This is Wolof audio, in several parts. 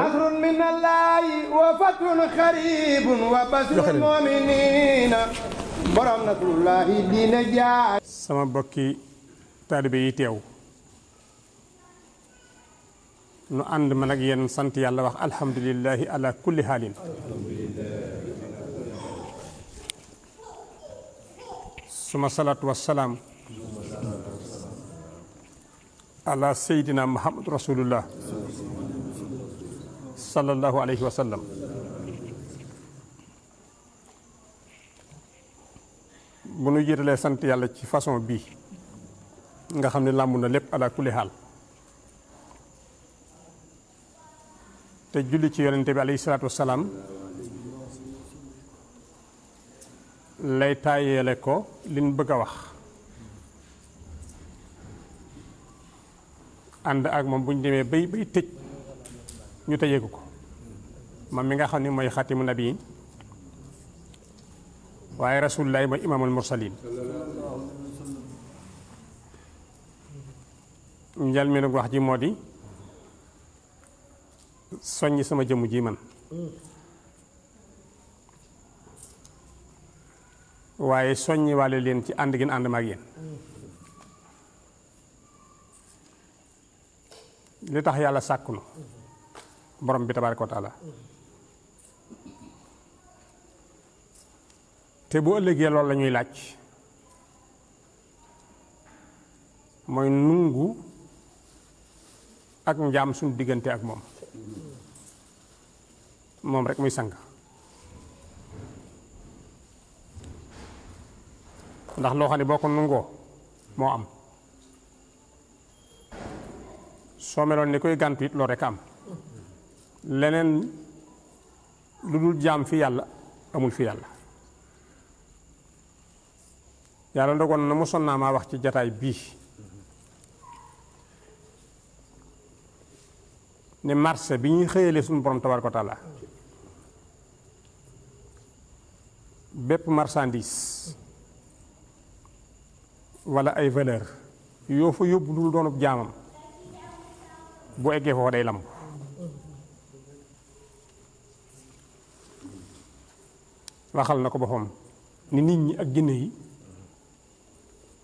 نصر من الله وفتح خريب وبسر المؤمنين برام نصر الله دين جاء سما بكي تالبي يتيو نو عند ملك ينسانت يالله وخ الحمد لله على كل حال سما صلاة والسلام على سيدنا محمد رسول الله صلى الله عليه وسلم sallallahu alayhi wa sallam bu nu jiitalee sant yàlla ci façon bii nga xam ne làmb na lépp ala xaal te julli ci yonente bi alayhi salaatu wasalaam lay taayeele ko liñ bëgg a wax ànd ak moom bu ñu demee bay bay tëj ñu tëjeeku ko moom mi nga xam ne mooy xatimu nabiyin waaye rasulullahi mooy imaamul mursalin njal mi nag wax ji moo di soññ sama jëmm ji man waaye soññi wàlle leen ci ànd gin ànd maag yéen li tax yàlla sàkk nu borom bi tabaraka wa taala te bu ëllëgee loolu la ñuy laaj mooy nungu ak njaam suñ diggante ak moom moom rek muy sang ndax loo xam ne boo ko nungoo moo am soo meloon ni koy gàntu it loolu rek am leneen lu dul jaam fi yàlla amul fi yàlla yàlla ndogoon na mosoon naa maa wax ci jataay bii ne marché bi ñuy xëyalee suñu borom tabaaraka taala bépp marsandiis walla ay valeur yoo fa yóbbu dul doonub jaamam bu eggee foofa day lamb waxal na ko boppam ni nit ñi ak jinne yi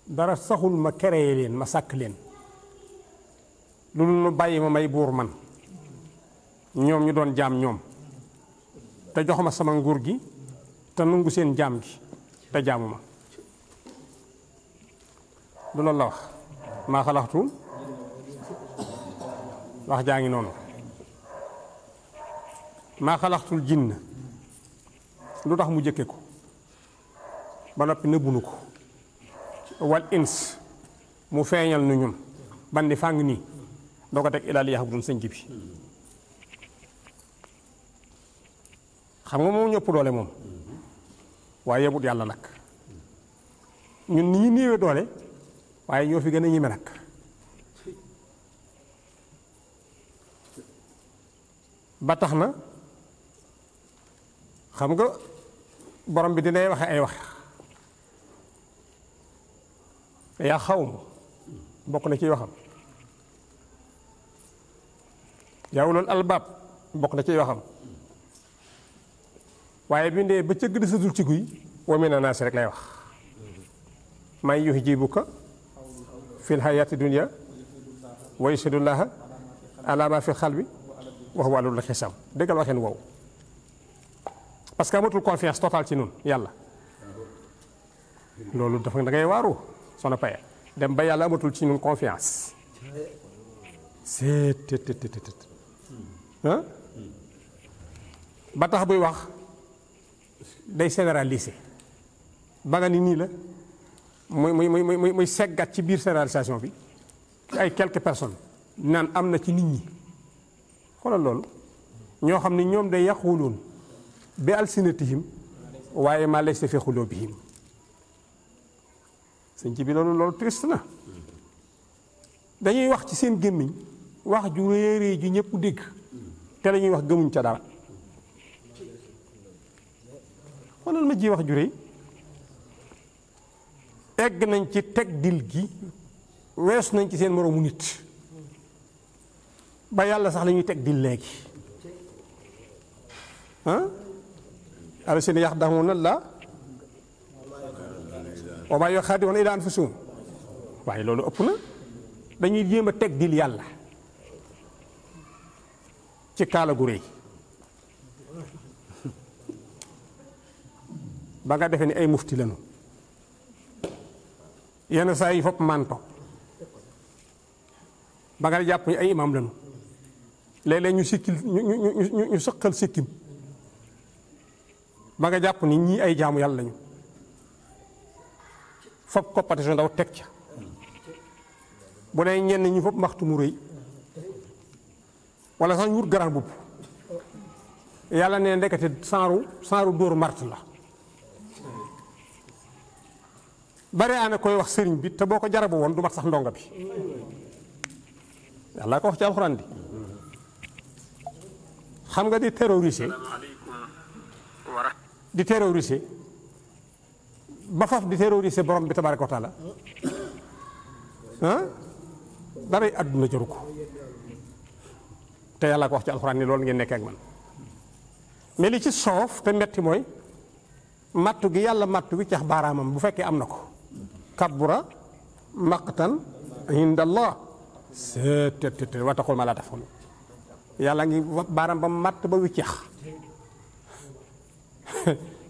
dara saxul ma créer leen ma sàkk leen lu nu bàyyi ma may buur man ñoom ñu doon jaam ñoom te joxuma sama nguur gi te nungu seen jaam gi te du la wax maa xalaxtu wax jaa ngi noonu maa xalaxtul jinn lu tax mu jëkke ko ba noppi nëbbunu ko wal ins mu feeñal nu ñun bandi fàng nii doo ko teg ilaa li yaxagum sëñ bi xam nga moom ñëpp doole moom waaye yebut yàlla nag ñun ni ñu néewee doole waaye ñoo fi gën a ñeme nag ba tax na xam nga borom bi dinay waxe ay wax yaa xawm bokk na ciy waxam yaa ulul albaab bokk na ciy waxam waaye bi ndee ba cëgg desatul ci guy wa mina naasi rek lay wax man yuhjibuka fi lhayaati dunia wa yusidullaha ala ma fi xalbi wa huwa alul xisaam déggal waxeen woowu parce que amatul confiance totale ci noonu yàlla loolu dafa da ngay waaru soxna Paye dem ba yàlla amatul ci ñun confiance seet ba tax buy wax day généraliser ba nga ni nii la muy muy muy muy muy seggat ci biir généralisation bi ay quelque personnes naan am na ci nit ñi xoolal loolu ñoo xam ne ñoom day yàquwuloon bi alsinatihim waaye maa laysa fi xuluubihim sëñ ci bi loolu loolu triste na dañuy wax ci seen gémmiñ wax ju réeree ju ñëpp dégg te lañuy wax gëmuñ ca dara xoolal ma ji wax ju réy egg nañ ci teg dil gi wees nañ ci seen moroomu nit ba yàlla sax lañuy teg dil léegi الذين يخدعون الله wa maa yaxaadi'uuna illaa anfusahum waaye loolu ëpp na dañuy jéem a teg dil yàlla ci kaala gu rëy ba nga defee ni ay mufti lañu yenn saa yi fopp manto ba nga jàpp ni ay imam lañu léeg-léeg ñu sikkil ñu ñu ñu ñu sëqal sikkim ba nga japp ni ñi ay jaamu yalla lañu fop ko paté ndaw tek ci bu né ñen ñu fop maxtu mu reuy wala sax ñu wut garaan yalla né ndekati saaru saaru mart la bare ana koy wax sëriñ bi te boko ko jarabu won du mat sax ndonga bi yalla ko wax ci alcorane di xam nga di terroriser di terroriser ba faf di terroriser borom bi tabaraku wa taala ah daray aduna jaru ko te yalla ko wax ci alxuraan ni ngeen nekk ak man meli ci sof te metti moy matu gi yalla matu wi bu fekke am kabura maqtan indallah seet te te te wataxul ma ngi baram ba mat ba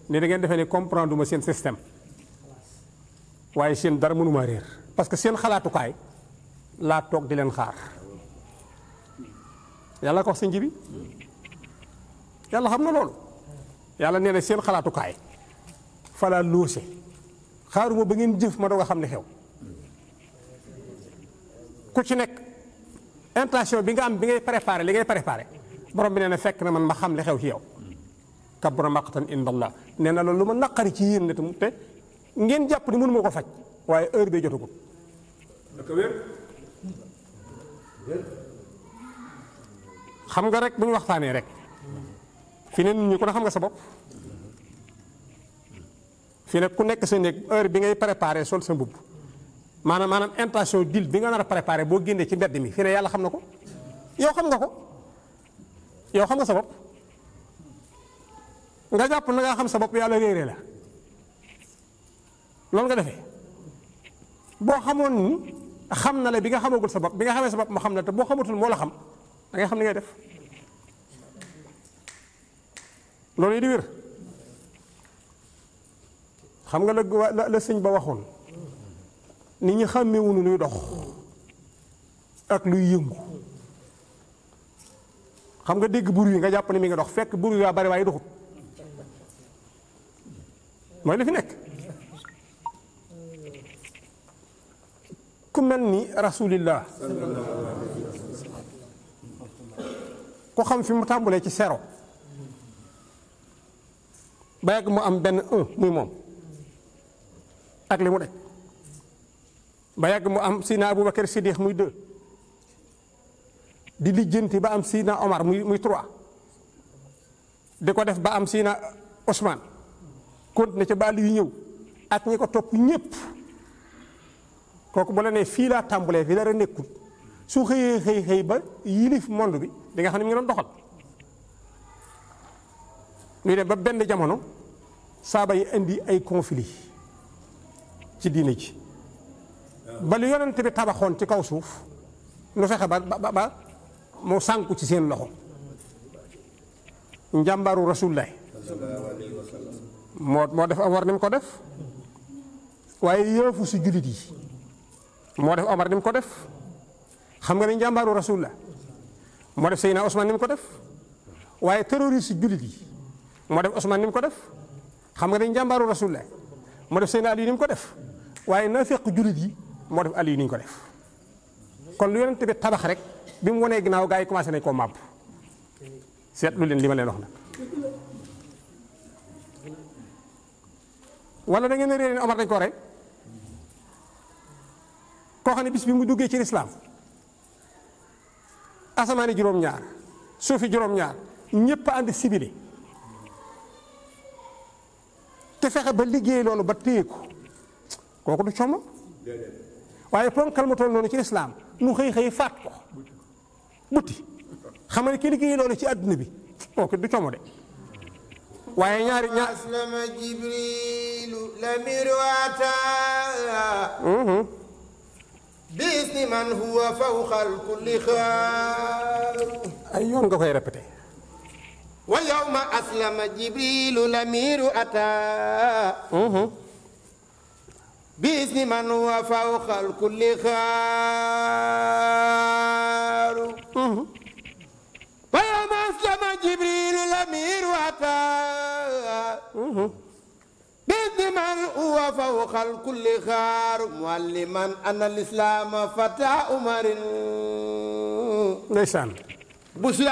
ne da ngeen defee ne comprendre ma seen système waaye seen dara mënuma réer parce que seen xalaatukaay laa toog di leen xaar yàlla ko wax sëñ bi yàlla xam na loolu yàlla nee na seen xalaatukaay falaa loose xaaruma ba ngeen jëf ma doog a xam ne xew ku ci nekk intention bi nga am bi ngay préparé li ngay préparé borom bi nee na fekk na man ma xam li xew ci yow كبر مقتا ان الله نانا لولو ما نقر تي يين نتم تي نين جاب ني مون موكو فاج واي اور بي جوتو كو دكا وير خمغا ريك بون واخاني ريك في نين ني كو خمغا سا بوب في نك كو نيك سا نيك اور بي غاي بريباري سول سا بوب manam manam intention dil bi nga nara préparer bo guéné ci mbéd mi fi né yalla xamna ko yow xam nga jàpp na nga xam sa bopp yàlla réere la loolu nga defe boo xamoon ni xam na la bi nga xamagul sa bopp bi nga xamee sa bopp mu xam na te boo xamatul moo la xam da ngay xam ni ngay def loolu xam nga la la ba waxoon nit ñi xàmmewuñu luy dox ak luy yëngu xam nga dégg bur yi nga jàpp ne mi nga dox fekk bur yi waa bari waaye doxut mooy lafi nekk ku mel ni rasulillah ku xam fi mu tàmbulee ci sero ba yàgg mu am benn un muy moom ak li mu daj ba yàgg mu am Sina Aboubacar Siddiq muy deux di lijjanti ba am Sina Omar muy muy trois di ko def ba am siina osmaan continué ci baalu yu ñëw ak ñi ko topp ñëpp kooku bu la nee fii laa tàmbalee fii dara nekkul su xëyee xëy xëy ba yilif monde bi di nga xam ne mi ngi doon doxal ñuy dem ba benn jamono saaba yi indi ay conflit ci diine ji ba lu yonent bi tabaxoon ci kaw suuf nu fexe ba ba ba mu sànku ci seen loxo njàmbaaru rasulullaay moo moo def Omar ni mu ko def waaye yëfu si jullit yi moo def Omar ni mu ko def xam nga ni njàmbaaru rasul la moo def Seydina Ousmane ni mu ko def waaye terroriste jullit yi moo def Ousmane ni ko def xam nga ni njàmbaaru rasul moo def Seydina Aliou ni mu ko def waaye naafeq jullit yi moo def Aliou ni ko def kon lu yonent bi tabax rek bi mu wanee ginnaaw gaa yi commencé nañ koo màbb seetlu leen li ma leen wax na wala da ngeen a réer Omar dañ ko rey koo xam ne bis bi mu duggee ci lislaam asamaani juróom-ñaar suufi juróom-ñaar ñëpp ànd sibile te fexe ba liggéey loolu ba téye ko kooku du coomo waaye ponkal ma toll noonu ci lislaam mu xëy xëy faat ko butti xam ki liggéey loolu ci àdduna bi kooku du coomo de. waaye ñaari ñaar aslama jibrilu la mirwata mhm. bisni man huwa fawqa kulli xaar ay yoon nga koy répété wa yawma aslama jibrilu la mirwata mhm. bisni man huwa fawqa kulli xaar جبريل الأمير وفاء بإذن من هو فوق الكل خار معلما أن الإسلام فتى عمر لسان بشرى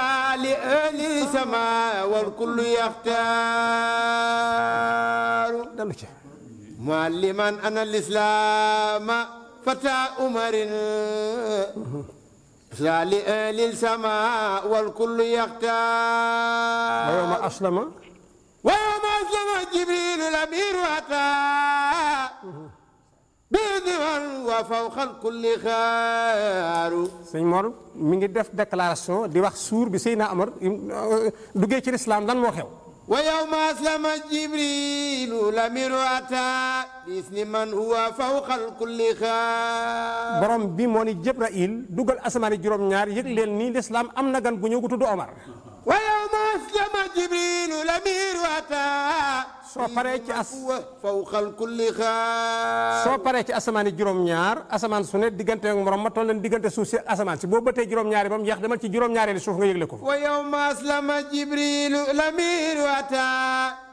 لأهل السماء والكل يختار معلما أن الإسلام فتى عمر سالي اهل السماء والكل يختار ويوم أيوة، أسلم ويوم أسلم جبريل الأمير أتى بذوان وفوق الكل خار سيدي مور ميغي ديف ديكلاراسيون دي واخ سور بي سيدنا عمر آه، دوغي سي الاسلام لان مو خيو ويوم أسلم جبريل لمير أتى باسم من هو فوق الكل خاف borom bi moo ni Jibril dugal asamaan yi juróom-ñaar ni lislaam am na gan gu Omar. So paree ci as fawqal kulli xaar soo paree ci asaman yi juróom-ñaar asamaan su ne diggante ak morom ma tollan diggante suuf si asamaan si boo bëtee juróom-ñaari ba mu jeex suuf nga ko wa yawma aslama jibrilu lamiru ata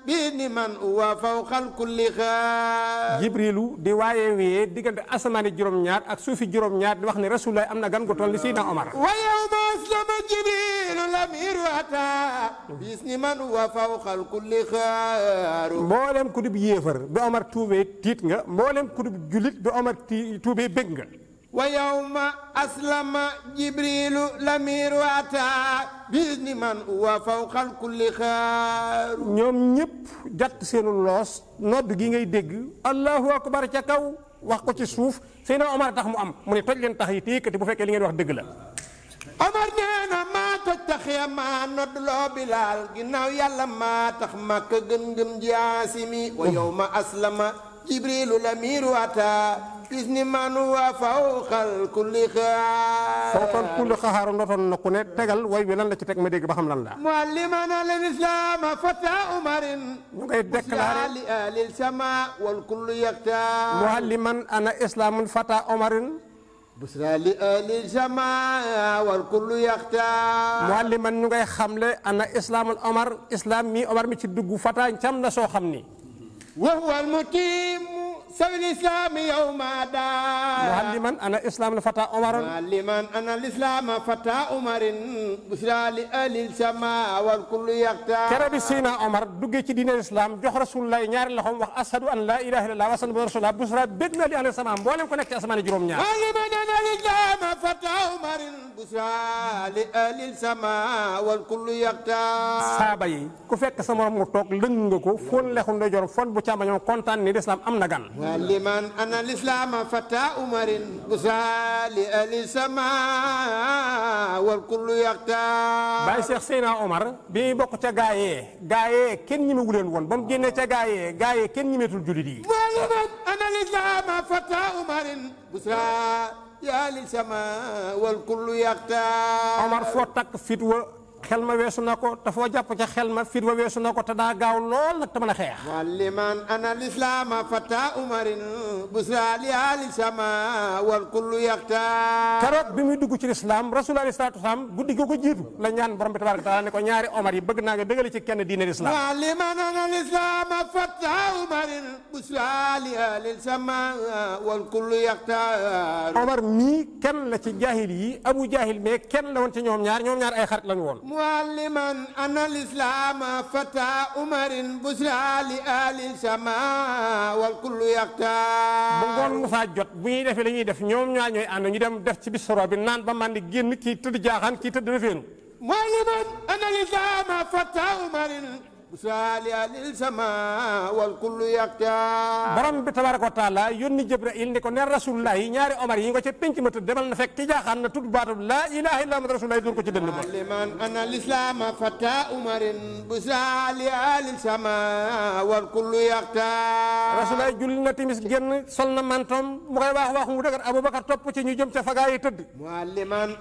bini man huwa fawqal kulli xaar jibrilu di waaye wee diggante asamaani juróom-ñaar ak suufi juróom-ñaar di wax ne rasulullah am na gan gu toll ni Seydina Omar wa yawma aslama jibrilu lam irwata bisni man huwa fawqal kulli kafaaru mboolem ku dib yéefar bi Omar tuubee tiit nga mboolem ku dib jullit bi Omar tuubee bég nga wa yawma aslama jibrilu lamiru ata bi izni man wa fawqal kulli xaar ñoom ñëpp jàtt seenu loos nodd gi ngay dégg allahu akbar ca kaw wax ko ci suuf Seydina Omar tax mu am mu ne toj leen tax yi te yëkkati bu fekkee li ngeen wax dëgg la toj tax yamaa nodd loo bilaal ginnaaw yàlla maa tax makka gën gëm jaasimi wa yow ma aslama jibrilu la miiru ataa gis ni man waa fawqal kulli xaar fawqal kulli xaar notoon na ku ne tegal way wi lan la ci teg ma dégg ba xam lan la mualliman alal islam fata umarin ñu ngay déclaré li alil sama wal kullu yakta mualliman ana islamun fata umarin بشرى لأهل الجماعة والكل يختار من نغي خملي أن إسلام الأمر إسلام مي أمر مي تدقو فتا إن كم نسو خمني وهو المتيم سوي الإسلام يوم دار معلما أنا إسلام فتى عمر معلما أنا الإسلام فتى عمر بشرى لأهل السماء والكل يختار كرب سينا عمر دوجي ci diine islam jox rasul lay ñaari loxom wax ashadu an la ilaha illallah wa sallallahu alaihi wasallam busra bég na li ahli sama mboolem ko nekk ci asamaani juróom ñaar معلما أنا الإسلام فتى عمر بشرى لأهل السماء والكل يختار saaba yi ku fekk sa mu toog lëng nga ko fon lexu ndojorom fon bu càmbañam kontaan ni l'islam am na gan ولمن أن الإسلام فتى عمر بسال أهل سما والكل يختار باي شيخ سينا عمر بي بوك تا غاي غاي كين ني مولن وون بام جيني تا غاي غاي كين ني متول جوليدي معلما أن الإسلام فتى عمر بسال أهل سما والكل يختار عمر فوتك فتوى xel ma weesu na ko te foo jàpp ca xel ma fit wa weesu na ko daa gaaw lool nag te mën a xeex walliman ana lislaama fata umarin busra li ali sama wal kullu yaxta bi muy dugg ci lislaam rasul alayhi salaatu wasalaam guddi ko ko jiitu la ñaan borom ko ñaari omar yi bëgg naa nga dëgale ci kenn diine lislaam walliman ana lislaama fata umarin busra li ali sama wal kullu yaxta omar mii kenn la ci jaahil yi abu jaahil mais kenn la woon ci ñoom ñaar ñoom ñaar ay xarit lañu woon معلما أن الإسلام فتى عمر بشرى لأهل السماء والكل يختار bu ngoon Moussa jot bu ñuy defee li ñuy def ñoom ñaar ñooy ànd ñu dem def ci bis bi naan ba man di génn kii tëdd jaaxaan kii tëdd rëfeenu معلما أن الإسلام فتى saaliya lil sama wal kullu yaqta borom bi tabaraka wa taala yónni jibril kan ni ko ne rasulullahi ñaari omar yi nga ca penc ma tudd demal fata umarin bu saaliya lil wal kullu yaqta rasulullahi julli na timis génn sol na mantom mu koy wax wax mu dëgër kan abubakar topp mualliman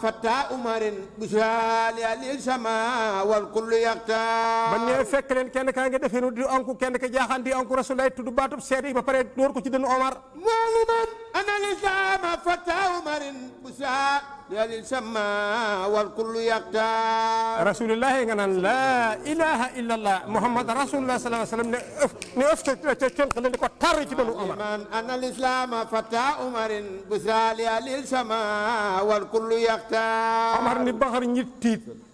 fata umarin wal kullu bañ ñëwee fekk leen kenn kaa nga defeenu di onku kenn ka jaaxaan di onku rasulay tudd baatub seet yi ba pare door ko ci dënn omar maluman ana lisaama fata umarin busa yalil sama wal kullu yaqta rasulillahi nga naan la ilaha illa allah muhammad rasulullah sallallahu alaihi wasallam ne ëf ne ëf ca ca cënq leen di ko tar ci dënn omar ana lislaama fata umarin busa yalil sama wal kullu yaqta omar ni baxar ñi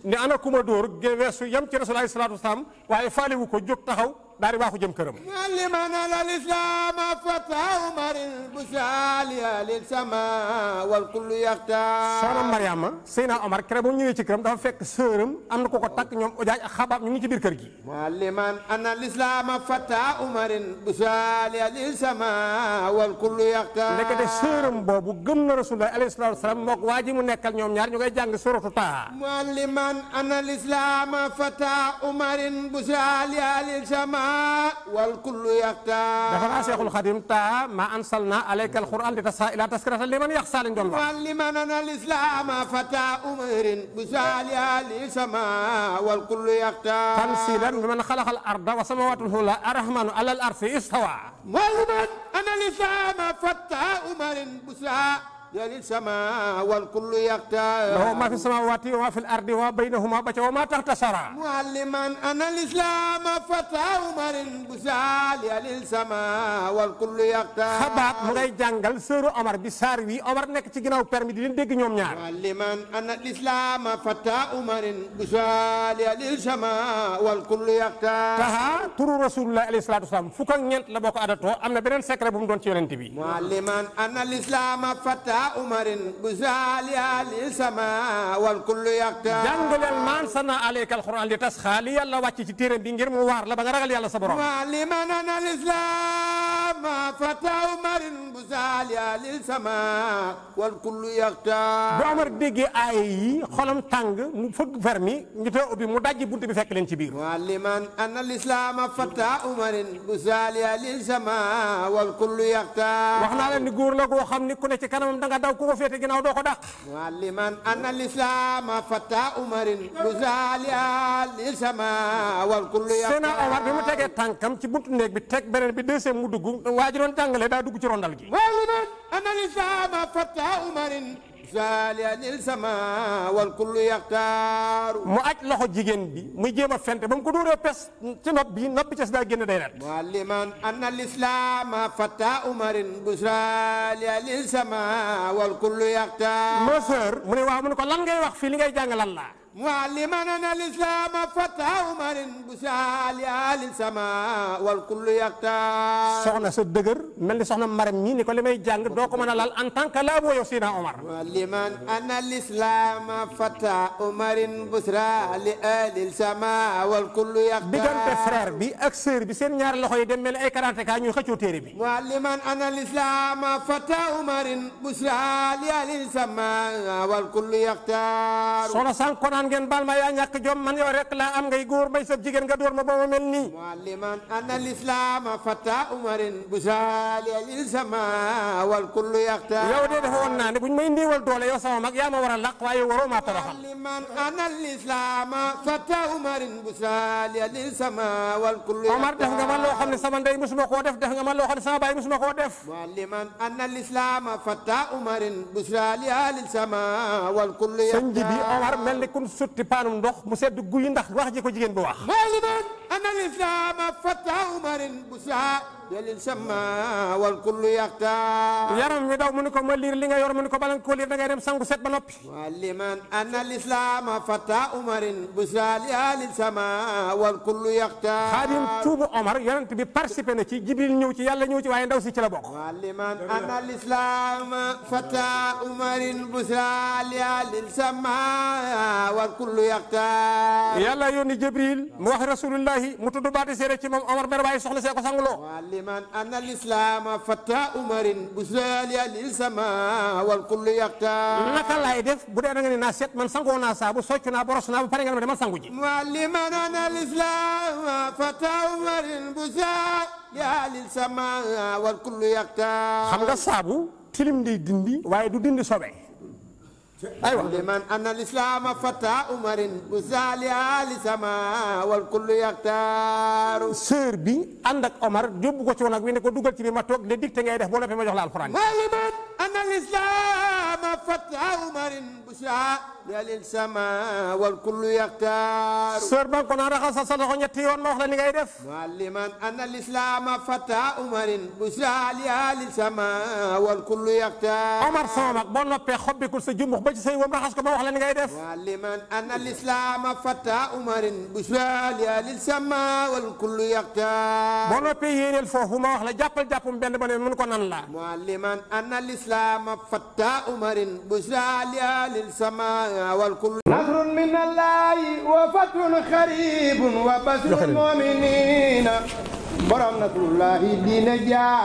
ne ana kuma dóor ge weesu yam ci rasulaay salaatu wasalaam waaye faaliwu ko jóg taxaw daal di waaxu jëm këram liman al islam fata umar busali lil sama wal kullu yaxtaar soxna mariama seyna omar kere bu ñëwee ci këram dafa fekk sëram am na ko ko takk ñoom ojaaj ak xabaab ñu ngi ci biir kër gi liman ana al islam fata umar busali lil sama wal mu nekkal ñoom ñaar ñu koy jàng ana al islam fata umar busali lil sama والكل يختا دفن شيخ الخديم تا ما أنصلنا عليك القرآن لتسائل تذكرة لمن يخشى لنجل معلمنا الإسلام فتى أمر بسالها سما والكل يختار تمثيلا بمن خلق الأرض وسموات الهلا الرحمن على الأرض استوى معلما أنا الإسلام فتى أمر بسالي jëli sama wal kullu yaxtaar. lahu ma fi samawaati wa ma fi ardi wa baynahuma ba ca wa ma taxta sara. mualliman ana lislaam fata umarin bu saali alil sama wal kullu yaxtaar. xabaat mu ngay jàngal sëru Omar bi saar wi Omar nekk ci ginnaaw permi di leen dégg ñoom ñaar. mualliman ana lislaam fata umarin bu saali alil sama wal kullu yaxtaar. taha turu rasulullah alayhi salaatu wasalaam fukk ak ñeent la boo ko adatoo am na beneen secret bu mu doon ci yonent bi. mualliman ana lislaam fata عمر بزاليا للسماء والكل يقتال جنجل المان سنة عليك القرآن لتسخالي الله وكي تيرم بنجر موار لبنغرغل يا الله صبرو ولمن أنا الإسلام ما فتى عمر البزال يا للسماء والكل يختار بعمر ديجي اي خلم تانغ مفك فرمي نتا اوبي مو داجي بونت بي فك لين سي بير ان الاسلام فتى عمر البزال يا للسماء والكل يختار واخنا لا غور لا كو خامني كو نتي كانام داغا داو كو فيت غيناو دوكو داك معلم ان الاسلام فتى عمر البزال يا للسماء والكل يختار سنا عمر بيمو تيغي تانكم سي بونت نيك بي تك بنن بي دوسيام مو دوغ waa ji doon daa dugg ci rondal gi wawludon analisama mu aj loxo jigéen bi mu jéem a fente ba mu ko dóoree pes ci nopp bi nopp bi ces daa génn day ret mualliman anna lislama fata umarin busralianil sama wal kullu yaxtaar ma mu ne waaw mu ko lan ngay wax fii li ngay jàng lan معلمنا الاسلام فتح عمر بسال يا للسماء والكل يقتا سخنا سو دغر ملي سخنا مريم ني نيكو لي جانغ دوكو مانا لال ان تانك لا بو يو سينا عمر معلمنا انا الاسلام فتح عمر بسرا لال السماء والكل يقتا ديغان بي فرير بي اك سير بي سين ñaar loxoy dem mel ay 40 ka ñuy xëccu téré bi معلمنا ان الاسلام فتح عمر بسرا لال السماء والكل يقتا سخنا سان كونان ngeen baal ma yaa ñàkk jom man yow rek laa am ngay góor bay sab jigéen nga dóor ma ba ma mel nii mualliman anna al-islam fata umarin busali al-sama wal kullu yaxta yow de dafa woon naa ne buñ may ndiiwal doole yow sama mag yaa ma war a laq waaye waroo maa toroxal mualliman anna al-islam fata umarin busali al-sama wal kullu yaxta Omar def nga ma loo xam ne sama ndey musuma koo def def nga ma loo xam ne sama baay musuma koo def mualliman anna al-islam fata umarin busali al-sama wal kullu yaxta sëñ bi Omar mel ni kun sotti paanum ndox mu sedd guy ndax wax ji ko jigéen bi wax أنا الإسلام فتى عمر بساء يلي سما والكل يختار يرم يدو منكم ملير يا رب منكم بلن كل يرنا غيرم سانغو سيت بنوبي معلمان أنا الإسلام فتى عمر بساء يلي سما والكل يختار خادم توب عمر يرن تبي بارسيبي نتي جبريل نيو تي يالا نيو تي واي ndaw si ci la أنا الإسلام فتى عمر بساء يلي سما والكل يختار يلا يوني جبريل موحي رسول الله Abdullahi mu tudd baati séeré ci moom Omar mer waaye soxna see ko sanguloo waliman ana lislama fata umarin bu salia lil sama wal kullu yaqta naka laay def bu dee da nga ne naa set man sangoo naa saabu boros naa bu pare nga ma demal sangu ji waliman ana lislama bu salia lil sama wal kullu yaqta xam nga saabu tilim day dindi waaye du dindi sobe أيوة لمن أن الإسلام فتى عمر وزاليا لسما والكل يختار سير بي عندك عمر جوب كو تي ونك وي نكو دوغال تي ما توك ديك تي غاي ديف بو نوبي ما جوخ لا القران أن الإسلام فتح عمر بشعاء للسماء والكل يختار سير بانكونا رخص صدقوا نيتي وان موخلا نيغاي ديف معلما أن الإسلام فتح عمر بشعاء للسماء والكل يختار عمر صومك بون نوبي خوبي كل سجوم جمخ با سي سي وام رخص كو موخلا نيغاي معلما أن الإسلام فتح عمر بشعاء للسماء والكل يختار بون نوبي يينل فوهما واخلا جابل جابم بن بني من كو نان لا معلما أن الإسلام الإسلام فتى عمر بشرى السماء والكل نصر من الله وفتح خريب وبشر المؤمنين برم الله دين جاء